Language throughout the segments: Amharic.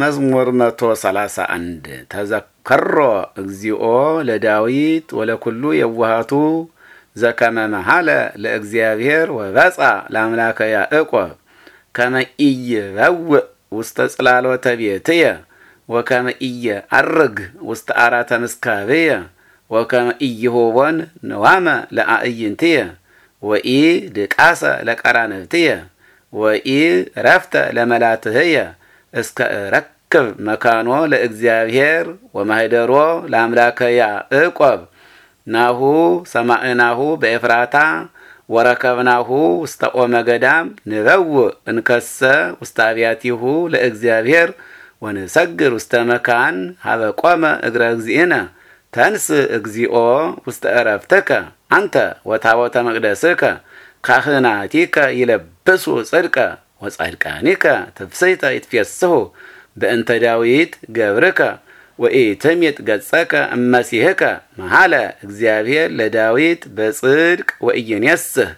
መዝሙር መቶ ሰላሳ አንድ ተዘከሮ እግዚኦ ለዳዊት ወለኩሉ የዋሃቱ ዘከመ መሃለ ለእግዚአብሔር ወበጻ ለአምላከ ያዕቆብ ከመ ኢይበውእ ውስተ ጽላሎተ ቤትየ ወከመ ኢይዐርግ ውስተ አራተ ምስካብየ ወከመ ኢይሆቦን ንዋመ ለአዕይንትየ ወኢ ድቃሰ ለቀራንብትየ ወኢ ረፍተ ለመላትህየ እስከ ረክብ መካኖ ለእግዚአብሔር ወማህደሮ ለአምላከያ እቆብ ናሁ ሰማዕናሁ በኤፍራታ ወረከብናሁ ውስተ ቆመ ገዳም ንበው እንከሰ ውስተ አብያቲሁ ለእግዚአብሔር ወንሰግር ውስተ መካን ሀበ ቆመ እግረ እግዚእነ ተንስ እግዚኦ ውስተ ዕረፍትከ አንተ ወታቦተ መቅደስከ ካህናቲከ ይለብሱ ጽድቀ ወጻድቃኒከ ትፍስሕተ ይትፌስሑ በእንተ ዳዊት ገብርከ ወኢትምጥ ገጸከ እመሲሕከ መሃለ እግዚአብሔር ለዳዊት በጽድቅ ወኢይኔስህ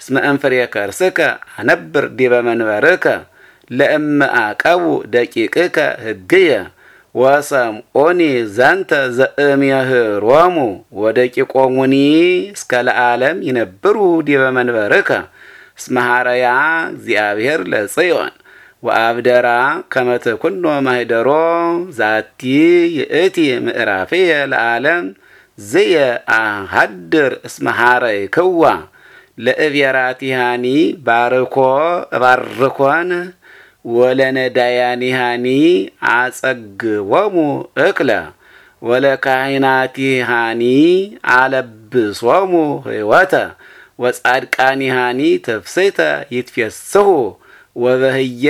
እስመ እንፍሬ ከርስከ አነብር ዲበ መንበርከ ለእመ አቀቡ ደቂቅከ ሕግየ ወሰምዖኒ ዘንተ ዘእምየህሮሙ ወደቂቆሙኒ እስከ ለዓለም ይነብሩ ዲበ መንበርከ ስመሃረያ ሐረያ እግዚአብሔር ለጽዮን ወአብደራ ከመተ ኩኖ ማህደሮ ዛቲ ይእቲ ምዕራፍየ ለዓለም ዝየ አሃድር እስመ ሐረይክዋ ለእብየራቲሃኒ ባርኮ እባርኮን ወለነዳያኒሃኒ አጸግቦሙ እክለ ወለካህናቲሃኒ አለብሶሙ ህይወተ ወጻድቃኒሃኒ ይሃኒ ተፍሰይተ ይትፌስሑ ወበህየ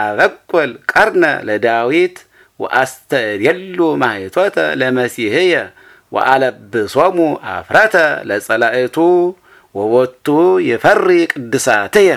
አበቆል ቀርነ ለዳዊት ወአስተድየሉ ማህቶተ ለመሲህየ ወአለብሶሙ አፍረተ ለጸላእቱ ወቦቱ የፈሪ ቅድሳትየ